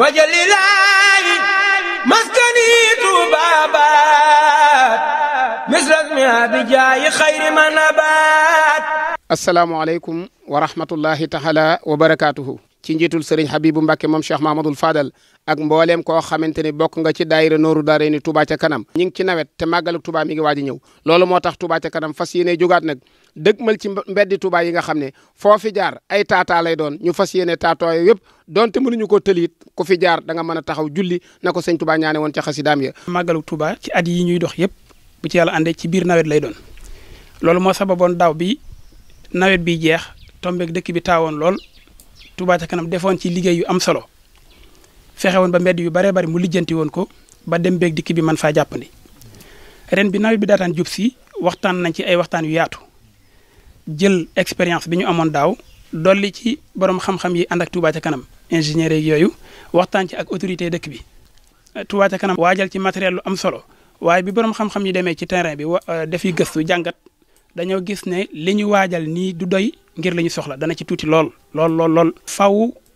wajalilaayi maskani tuubaabaat misrasmi abijaayi xayri ma nabaat asalaamualeykum wa rahmatullahi taala wa barakaatuhu ci njiitul sëriñ Habibu Mbàkke moom Cheikh Mahmadul Fadal ak mbooleem koo xamante ni bokk nga ci daayira nooru daare ni Touba ca kanam ñi ngi ci nawet te màggaluk Touba mi ngi waaj a ñëw loolu moo tax Touba ca kanam fas yéene jógaat nag dëgmal ci mbeddi Touba yi nga xam ne foo fi jaar ay taataa lay doon ñu fas yéene taatooyo yëpp donte mënuñu ko tëliit ku fi jaar da mën a taxaw julli na ko sëñ Touba ñaane woon ca xasidaam ya màggaluk Touba ci at yi ñuy dox yëpp bu ci yàlla àndee ci biir nawet lay doon loolu moo sababoon daaw bi nawet bi jeex tombeek dëkk bi taawoon lool Touba ca kanam defoon ci liggéey yu am solo fexe woon ba mbedd yu bare bari mu lijjanti woon ko ba dem beeg dikk bi mën faa jàppandi ren bi nawet bi daataan jub si waxtaan nañ ci ay waxtaan yu yaatu jël expérience bi ñu amoon daaw dolli ci borom xam-xam yi ànd ak Touba ca kanam ingénier yeeg yooyu waxtaan ci ak autorité dëkk bi Touba kanam waajal ci matériel lu am solo waaye bi borom xam-xam yi demee ci terrain bi euh, dafiy gëstu jàngat dañoo gis ne li ñu waajal nii du doy ngir li ñu soxla dana ci tuuti lool lool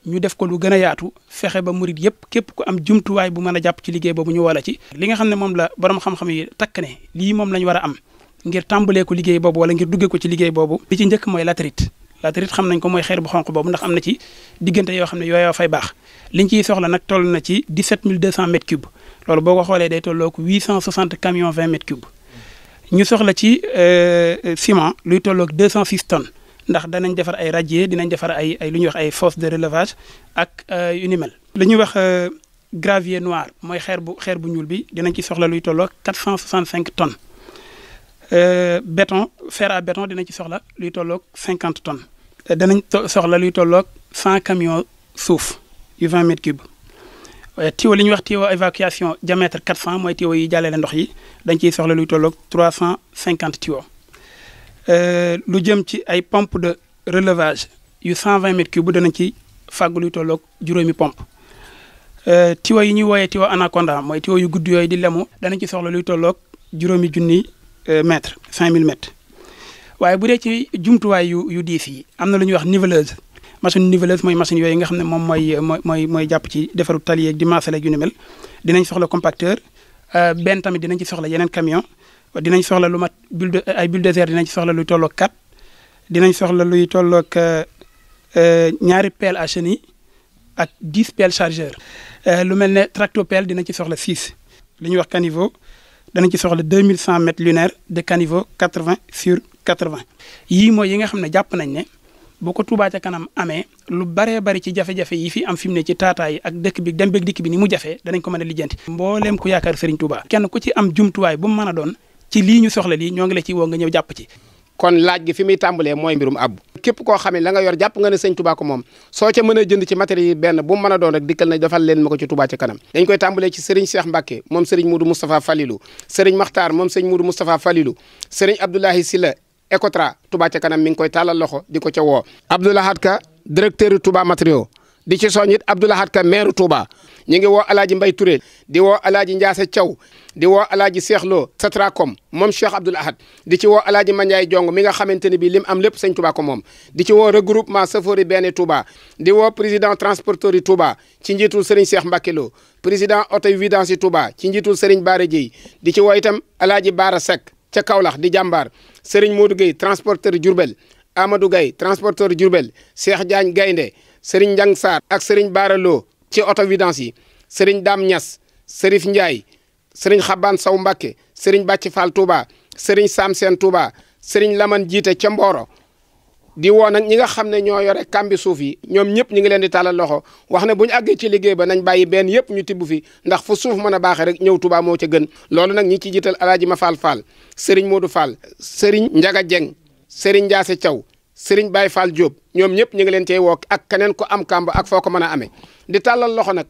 ñu def ko lu gën a yaatu fexe ba murit yëpp képp ku am jumtuwaay bu mën a jàpp ci liggéey boobu ñu wala ci li nga xam ne moom la borom xam-xam yi ne lii moom lañ war am ngir tàmbalee ko liggéey boobu wala ngir duggee ko ci liggéey boobu li ci njëkk mooy latérite latérite xam nañ ko mooy xeer bu xonq boobu ndax am na ci diggante yoo xam ne yooyoo fay baax liñ ciy soxla nag toll na ci 17200 mètres cubes loolu boo xoolee day tolloo ko 860 camions 20 mètres cubes ñu soxla ci euh, ciment luy tolloog 206 tonnes ndax danañ defar ay radier dinañ defar ay ay lu ñuy wax ay fosse de relevage ak euh, yu ni mel. ñuy wax euh, gravier noir mooy xeer bu xeer bu ñuul bi danañ ci soxla luy tolloo 465 tonnes euh, béton fer à béton dinañ ci soxla luy tolloog 50 tonnes. danañ soxla luy tolloog 100 camions suuf yu 20 mètres cubes tuyau li ñuy wax tuyau évacuation diamètre 400 mooy tuyau yi jàllale ndox yi dañ ciy soxla luy tolloog 350 tuyaux. Euh, lu jëm ci ay pompe de relevage yu 120 mètres cubes danañ ci fàggu luy tolloog juróomi pompe euh, tiwo yi ñuy wooyee tiwo anaconda mooy tiwo yu gudd yooyu di lemu danañ ci soxla luy tollook juróomi junni euh, mètres 5000 mètres waaye bu dee ci jumtuwaay yu yu diis yi am na lu ñuy wax niveleuse machine niveleuse mooy machine yooyu nga xam ne moom mooy mooy mooy jàpp ci defaru tali yeeg di maasale ak yu ni dinañ soxla compacteur benn tamit dinañ ci soxla yeneen camion dinañ soxla lu mat bulldo ay bulldozer dinañ soxla luy tolloog 4 dinañ soxla luy tolloog euh, euh, ñaari pelle à chenille ak 10 pelle chargeur euh, lu mel ne tractopelle dina ci soxla 6 li ñuy wax caniveau danañ ci soxla 2100 mètres lunaire de caniveau 80 sur 80 yii mooy yi nga xam ne jàpp nañ ne boo ko Touba ca kanam amee lu baree bari ci jafe-jafe yi fi am fi mu ne ci taataa yi ak dëkk bi dem beeg dikk bi ni mu jafe danañ ko mën a lijjanti. mbooleem ku yaakaar Serigne tubaa kenn ku ci am jumtuwaay bu mu mën a doon. ci lii ñu soxla lii ñoo ngi la ci woo nga ñëw jàpp ci kon laaj gi fi muy tàmbalee mooy mbirum ab képp koo xam ne la nga yor jàpp nga ne sëñ tubaaku moom soo ca mën a jënd ci matériel benn bu mu mën a doon rek dikkal na defal leen ma ko ci Touba ca kanam dañ koy tàmbalee ci sëriñ Cheikh Mbacke moom sëriñ Moudou Moustapha Falilou sëriñ Makhtar moom sëriñ Moudou Moustapha Falilou sëriñ Abdoulahi Silla Ecotra tubaa ca kanam mi ngi koy tàllal loxo di ko ca woo Abdoulahad Ka directeur Touba matériaux di ci soñit Abdou Lahad Ka maire Touba ñu ngi woo alaaji Mbay Touré di woo alaaji Ndiasse Thiaw di woo alaaji Cheikh Lo Satracom moom Cheikh Abdou Lahad di ci woo alaaji Mandiaye Jong mi nga xamante ne bii lim am lépp sëñ Touba ko moom di ci woo regroupement Safoori yi benn Touba di woo président transporteur yi Touba ci njiitul Serigne Cheikh Mbacké Lo président oto yi vidange yi Touba ci njiitul Serigne Bara Dieye di ci woo itam alaaji Bara Seck ca Kaolack di jàmbaar Serigne Modou Gueye transporteur Diourbel Amadou Gaye transporteur Diourbel Cheikh Gaynde sëriñ Njang Saar ak sëriñ Baara ci auto-vidange yi sëriñ Daam Ñas sërif Ndiaye sëriñ Xabaan Saw mbakke sëriñ Bàcc Fall Touba sëriñ Sam Seen Touba sëriñ Laman Jiite ca Mbooro di woo nag ñi nga xam ne ñoo yore kambi suuf yi ñoom ñëpp ñu ngi leen di tàllal loxo wax ne bu ñu àggee ci liggéey ba nañ bàyyi benn yëpp ñu tibb fi ndax fu suuf mën a baaxe rek ñëw Touba moo ca gën loolu nag ñi ci jiital alaaji ma Fall Fall sëriñ Modou Fall sëriñ Njaga Jeng sëriñ Njaase Serigne Baye Fall jóob ñoom ñëpp ñu ngi leen cey woo ak keneen ko am kàmb ak foo ko mën a amee di tàllal loxo nag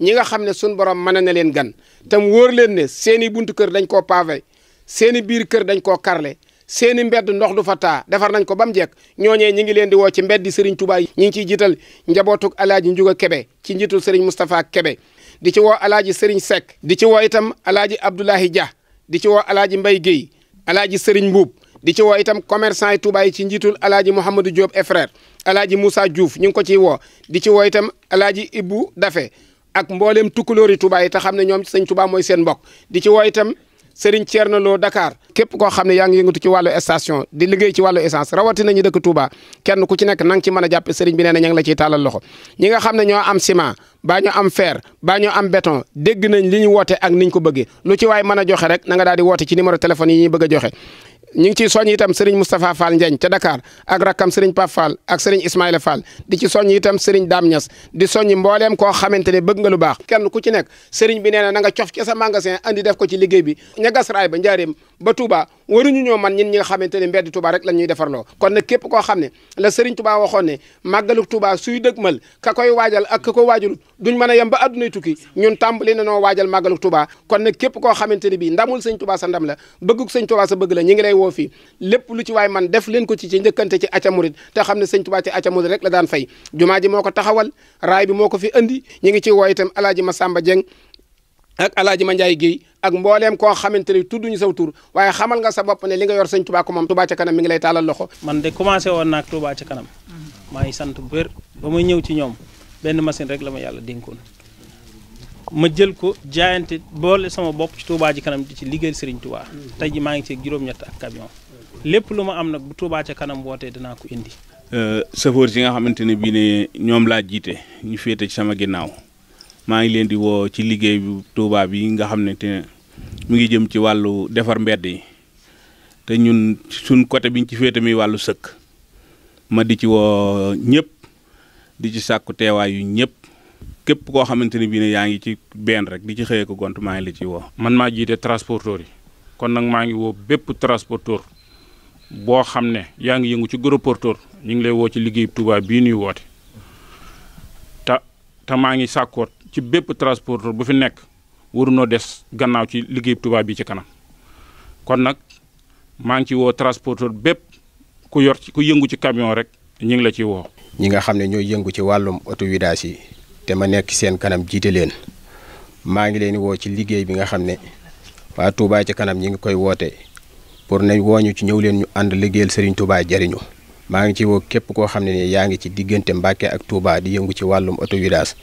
ñi nga xam ne suñ borom mën na leen gan tam wóor leen ne seeni buntu kër dañ koo pavé seeni biir kër dañ koo karle seeni mbedd ndox du fa taa defar nañ ko ba mu jekk ñooñee ñi ngi leen di woo ci mbedd di Touba tubaay ñi ngi ciy jiital njabootug alaaji Njuga Kebe ci njiitul Serigne Moustapha Kebe di ci woo alaaji Serigne Seck di ci woo itam alaaji Abdoulahi Dia di ci woo alaaji Mbaye Guèye alaaji Serigne di ci woo itam commerçant yi Touba yi ci njiitul alaaji Mouhamadou Diop et frère alaaji Moussa Diouf ñu ngi ko ciy woo di ci woo itam alaaji Ibou Dafe ak mbooleem tukkulóor yi Touba yi te xam ne ñoom sëñ Touba mooy seen mbokk di ci woo itam Serigne na Lo Dakar képp koo xam ne yaa ngi yëngatu ci wàllu station di liggéey ci wàllu essence rawatina ñu dëkk Touba kenn ku ci nekk na nga ci mën a jàppe Serigne bi nee na ña ngi la ciy tàllal loxo ñi nga xam ne ñoo am ciment baa ñoo am fer baa ñoo am béton dégg nañ li ñu woote ak niñ ko bëggee lu ci waay mën a joxe rek na nga daal di woote ci numéro téléphone yi ñuy bëgg a ñu ngi ciy soññ itam sëriñ Moustapha Fall Ndiagne ca Dakar ak rakkam sëriñ Pape Fall ak sëriñ Ismaïla Fall di ci soñ itam sëriñ Dame Niass di soññ mbooleem koo xamante ne bëgg nga lu baax kenn ku ci nekk sëriñ bi nee na nga cof ca sa magasin andi def ko ci liggéey bi ña gas raay ba njaareem ba Touba waruñu ñoo man ñin ñi nga xamante ne mbedd rek la ñuy defar defarloo kon na képp koo xam ne la Serigne Touba waxoon ne màggalu Touba suy dëgmal ka koy waajal ak ka ko waajalut duñ mën a yem ba addunay tukki ñun tàmbali na noo waajal màggalu Touba kon nag képp koo xamante ne bii ndamul sëñ Touba sa ndam la bëgguk sëñ Touba sa bëgg la ñi ngi lay woo fii lépp lu ci waay man def leen ko ci ci njëkkante ci acca murit te xam ne sëñ Touba ci acca murit rek la daan fay jumaa ji moo ko taxawal raay bi moo ko fi andi ñi ngi ci woo itam alaaji Masamba Dieng ak alaaji Mandiaye Guèye ak mbooleem koo xamante ni tudduñu saw tur waaye xamal nga sa bopp ne li nga yor sëñ Touba ko moom Touba ca kanam mi ngi lay taalal loxo man de commencé woon naag Touba mm-hmm. maa ngi sant bu wér ba may ñëw ci ñoom benn machine rek la ma yàlla dénkoon ma jël ko jaayante boole sama bopp ci Touba ji kanam di ci liggéeyal Serigne Touba mm-hmm. tey ji maa ngi ci juróom-ñett ak camion lépp lu ma am nag bu Touba ca kanam wootee dinaa ko indi sëfoor euh, si nga xamante ne bii ne ñoom laa jiite ñu féete ci sama ginnaaw maa ngi leen di woo ci liggéey bu Touba yi nga xam ne te mu ngi jëm ci wàllu defar mbedd yi te ñun suñ côté biñ ci féete mi wàllu sëkk ma di ci woo ñëpp di ci sàkku teewaayu ñëpp képp koo xamante ne bii ne yaa ngi ci benn rek di ci xëyee ko gont maa ngi la ci woo. man maa jiite transporteur yi kon nag maa ngi woo bépp transporteur boo xam ne yaa ngi yëngu ci gros porteur ñu ngi lay woo ci liggéey Touba bii nuy woote te te maa ngi sàkkoot ci bépp transporteur bu fi nekk warunoo des gannaaw ci liggéey tubaab bi ci kanam kon nag maa ngi ci woo transporteur bépp ku yor ci ku yëngu ci camion rek ñu ngi la ci woo. ñi nga xam ne ñooy yëngu ci wàllum autovidage yi te ma nekk seen kanam jiite leen maa ngi leen woo ci liggéey bi nga xam ne waa Touba ci kanam ñi ngi koy woote pour nañ wooñu ci ñëw leen ñu ànd liggéeyal Serigne Touba jariñu maa ngi ci woo képp koo xam ne yaa ngi ci diggante Mbàkke ak Touba di yëngu ci wàllum autovidage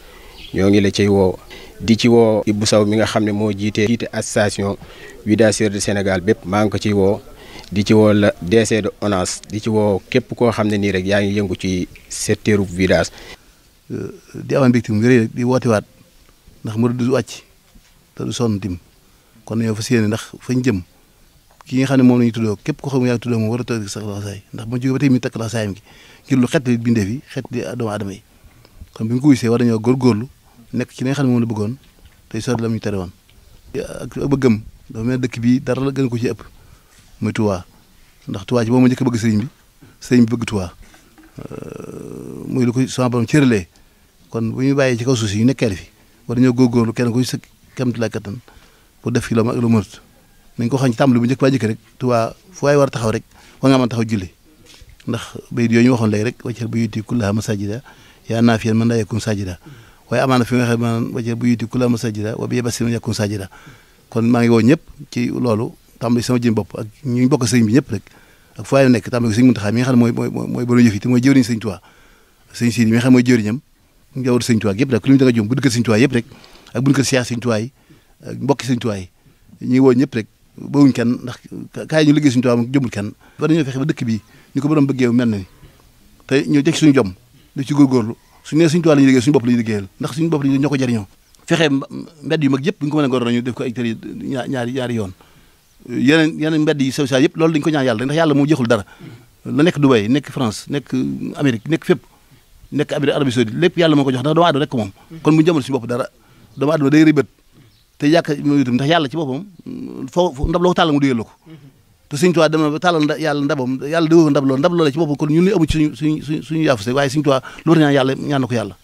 ñoo ngi la cay woo di ci woo Ibou Sow mi nga xam ne moo jiite jiite association vidaceur du Sénégal bépp maa ngi ko ciy woo di ci woo la de ONAS di ci woo képp koo xam ne nii rek yaa ngi yëngu ci secteurub vidage euh, di amaan mbégte mu rëy di wootewaat ndax mu du wàcc te du sonn dim kon yow fas yéene ndax fañ jëm ki nga xam ne moom la ñu tuddoo képp ko xam yaa ngi tuddoo moom war a toog sax laxasaay ndax ma jóge ba tey mi takk laxasaayam gi ngir lu xet li bindee fi xet li doomu aadama yi kon bi ñu ko wisee war nañoo góorgóorlu nekk ci li nga xam moom la bëggoon tey sori la mu ñu tere woon. ak bëggam dafa mel dëkk bi dar la gën ko ci ëpp muy Touba ndax Touba ci boobu ma njëkk bëgg sëriñ bi sëriñ bi bëgg Touba euh, muy lu ko sama borom kon bu ñu bàyyee ci kaw suuf si ñu nekkee fi war nañoo góorgóorlu kenn ku ci sa kéemtalaay kattan pour def ci la ak lu mënut nañ ko xam ci tàmbali bu njëkk rek Touba fu waay war taxaw rek war nga mën taxaw ndax bayit yooyu ñu waxoon léegi rek waccal bu yuti kullaha masajida yaa naafiyan man laa yakun sajida waaye amaana fi nga xam ne maanaam wajë bu yuti ku la ma wa bi basir ma yakun sajida kon maa ngi woo ñëpp ci loolu tàmbali sama jëm bopp ak ñu bokk sëñ bi ñëpp rek ak fu waay nekk tàmbali sëñ Muntaxa mi nga xam ne mooy mooy mooy borom yi te mooy jëwriñ sëñ Tuubaa sëñ Sidi mi ñu da nga jum bu dëkk sëñ Tuubaa yëpp rek ak bu dëkk ñu liggéey ba dëkk bi ñu ko borom bëggee mel na ni te ñu teg suñu jom di ci góorgóorlu suñ nee suñu tubaab la ñuy liggéey suñu bopp la ñuy liggéeyal ndax suñu bopp la ñuy ñoo ko a gor ñu def ko ay tëri ñaari ñaari yoon yeneen yeneen mbedd ndax yàlla moo jëxul dara la nekk Dubai nekk France nekk Amérique nekk fépp nekk Arabie Saoudite jox ndax doomu aadama rek ko moom kon bu ñu jëmal suñu bopp dara doomu aadama day rëbët te yàq itam ci boppam foo ndab loo ko tàll mu duyal la ko te Sëñ Tuubaa dama ba tàllal yàlla ndabam yàlla di woo ndab loo ndab loola ci boppam kon ñun li amu ci suñu suñu suñu suñu yaafu waaye Sëñ Tuubaa loolu ñaan yàlla ñaan na ko yàlla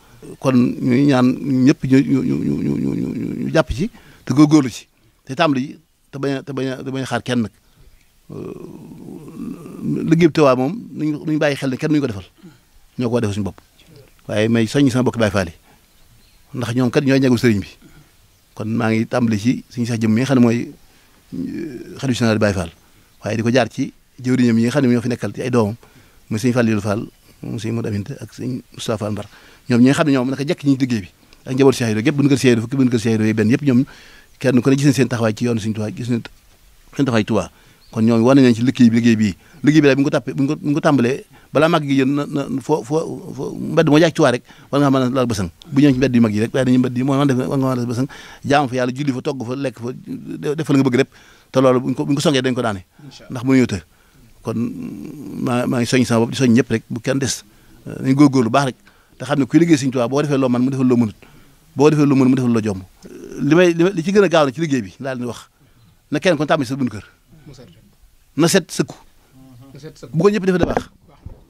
kon ñuy ñaan ñëpp ñu ñu ñu ñu ñu ñu jàpp ci te góorgóorlu ci te tàmbali te bañ a te bañ a te bañ a xaar kenn nag euh, liggéey Tuubaa moom nuñ nuñ bàyyi xel ne kenn nuñ ko defal ñoo ko defal suñu bopp waaye may soññi sama bokk Baay Faal yi ndax ñoom kat ñooy ñagul sëriñ bi kon maa ngi tàmbali ci suñu sax jëm mi nga xam ne mooy euh, xalifa général Baay Faal waaye di ko jaar ci jëwriñam yi nga xam ne ñoo fi nekkal ci ay doomam muy sëñ Fallilou Fall mu sëñ Modou Aminta ak sëñ Moustapha Fall Mbar ñoom ñi nga xam ne ñoom naka jekk ñi liggéey bi ak njaboot Cheikh Ibra gépp bu ñu kër Cheikh Ibra fukki bu ñu kër Cheikh Ibra benn yëpp ñoom kenn ku ne gis nañ seen taxawaay ci yoonu sëñ Touba gis nañ seen taxawaay Touba kon ñoom war nañu ci liggéey bi liggéey bii liggéey bi daal bu ñu ko tàppee bu ñu na na foo foo moo jaay ci waa rek war nga mën a laal bësang bu ñëwee yu mag yi rek waaye dañuy mbedd yi mooy man def war nga a bësang jaam fa yàlla julli fa togg fa lekk fa def nga bëgg rek te loolu bu ñu ko bu ñu ko songee dañ ko daane ndax kon maa maa ngi soññ sama bopp di ñëpp rek bu kenn des dañu euh, góorgóorlu baax rek te xam ne kuy liggéey Sëriñ Tuubaa boo defee loo man mu defal loo mënut boo defee loo mën mu defal loo li may li ci gën a gaaw na ci liggéey bi laa leen wax na kenn kon tàmm sa bunt kër na set sëkku bu ko ñëpp defee da baax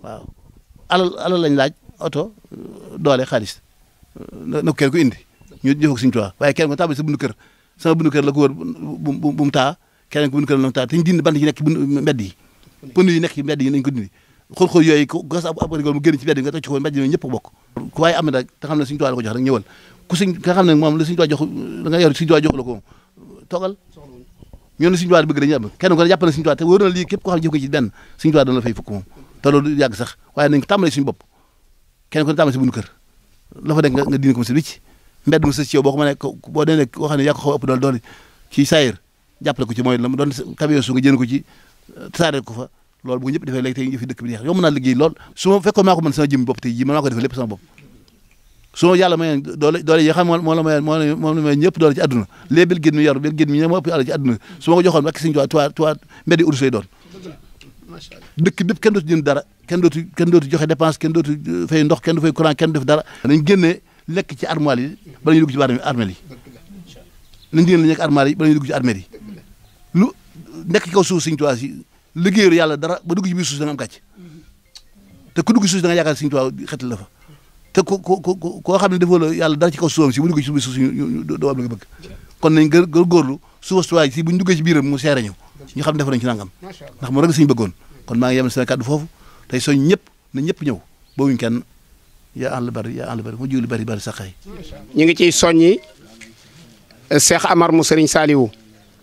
waaw alal alal lañ laaj oto doole xaalis na na kenn ko indi ñu jëfoo ko suñu tuwaa waaye kenn ko tàmbali sa bundu kër sama bundu la ko wër bu bu mu taa keneen ko bundu kër la mu taa te ñu dindi bant yi nekk mbedd yi pënu yi nekk ci mbedd yi nañ ko dindi xool-xool yooyu ku gas ab ab rigol mu génn ci mbedd yi nga toj ci ko mbedd waaye am na nag la ko jox rek ñëwal ku suñ jox la ko toogal ñoo ne Sëriñ Tuubaa bëgg dañuy am ko ne jàpp na Sëriñ Tuubaa te wóor na lii képp koo xam ne jëf ko moom te loolu waaye nañ ko tàmbalee suñu bopp kenn ko fa nekk nga diine ko mu si wicc mbedd mu sës ci yow boo ko mënee boo dee nekk koo doon camion su nga jënd ko ci tasaare ko fa loolu bu ñëpp defee léegi tey yëfi dëkk bi lool su ma fekkoon maa ko mën sama bopp tey ji man maa ko defee lépp sama bopp su ma yàlla mayoon doole doole yi xam moom la mayoon moom la mayoon ñëpp doole ci àdduna léegi bil gin mi yor bil gin mi ñoom moo ëpp yàlla ci àdduna su ma ko joxoon rek suñu tuwaa tuwaa tuwaa mbedd urus lay doon dëkk bépp kenn dootu jënd dara kenn dootu kenn dootu joxe dépense kenn dootu fay ndox kenn du fay courant kenn du def dara nañ génnee lekk ci armoire yi bala ñu dugg ci baar armel yi nañ génne lekk armoire yi bala ñu dugg ci armel yi lu nekk ci kaw suuf suñu tuwaa si liggéeyu yàlla dara ba dugg ci biir suuf da nga am gàcc te ku dugg suuf da nga yaakaar suñu tuwaa xetal la fa te ko ko ku koo xam ne defoo la yàlla dara ci kaw suufam si bu dugg ci si nañ gër gër góorlu suuf suwaay si bu ñu duggee ci biiram mu seere ñu ñu xam ne defa nañ ci nangam ndax mu rek suñu bëggoon kon maa ngi yemal seen kàddu foofu tey soñ ñëpp na ñëpp ñëw boobuñu kenn yaa àll bari yaa àll bari mu jiw lu bari bari saxay ñu ngi ciy soññi eh, Cheikh Amar mu Serigne Saliou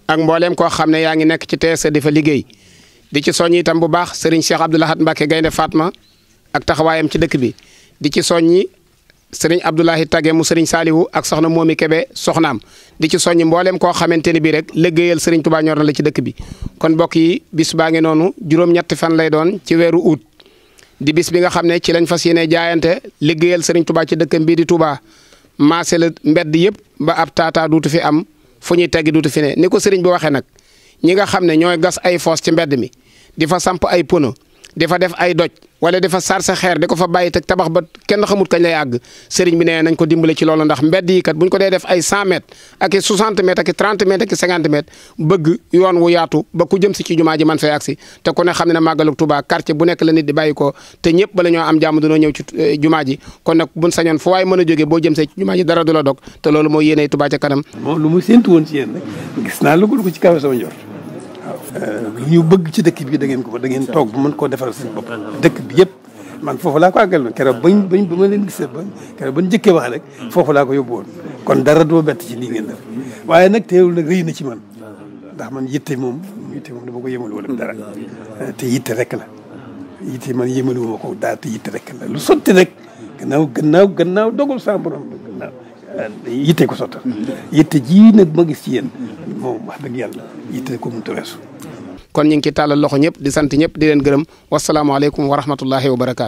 ak mbooleem koo xam ne yaa ngi nekk ci TSE di fa liggéey di ci soññi tam bu baax Serigne Cheikh Abdoul Ahad Mbacké Gaynde Fatma ak taxawaayam ci dëkk bi di ci soññi sëriñ Abdoulahi Tage mu sëriñ Salihu ak soxna Momi Kebe soxnaam di ci soññi mbooleem koo xamante ni bii rek liggéeyal sëriñ Touba ñor na la ci dëkk bi. kon mbokk yi bis baa ngi noonu juróom-ñetti fan lay doon ci weeru août di bis bi nga xam ne ci lañ fas yéene jaayante liggéeyal sëriñ Touba ci dëkkam bii di Touba maase la mbedd yëpp ba ab taataa duutu fi am fu ñuy teggi duutu fi ne ni ko sëriñ bi waxee nag ñi nga xam ne ñooy gas ay foos ci mbedd mi di fa samp ay pono di def ay doj wala di fa sa xeer di ko fa bàyyi teg tabax ba kenn xamut kañ lay àgg sëriñ bi nee nañ ko dimbale ci loolu ndax mbedd yi kat bu ñu ko dee def ay 100 mètres ak i 60 ak i 30 bëgg yoon wu yaatu ba ku jëm si ci jumaa ji man fay agsi te ku ne xam ne ne màggalu tubaa quartier bu nekk la nit di bàyyi ko te ñëpp bala ñoo am jàmm dañoo ñëw ci eh, jumaa ji kon nag buñ sañoon fu waay mën a jógee boo jëm see ci jumaa ji dara du la dog te loolu mooy yéeney Tuubaa ca kanam. moom lu mu séntu woon ci yéen rek gis naa lu ñu bëgg ci dëkk bi da ngeen ko da ngeen toog bu mën koo defaral seen bopp dëkk bi yëpp man foofu laa ko àggal ma keroog bañ bañ ba ma leen gisee ba keroog bañ njëkkee wax rek foofu laa ko yóbbu woon kon dara duma bett ci lii ngeen def waaye nag teewul nag rëy na ci man ndax man yitte moom yitte moom boo ko yëmal wala dara te yitte rek la yitte man yëmalu ma ko daal te yitte rek la lu sotti rek gannaaw gannaaw gannaaw dogul sa borom yitte ko sottal yitte ji nag ma gis ci yéen moom wax dëgg yàlla yitte ko mënut a kon ñu ngi ciy tàllal loxo ñëpp di sant ñëpp di leen gërëm wasalaamaaleykum wa rahmatullahi wa barakaatu.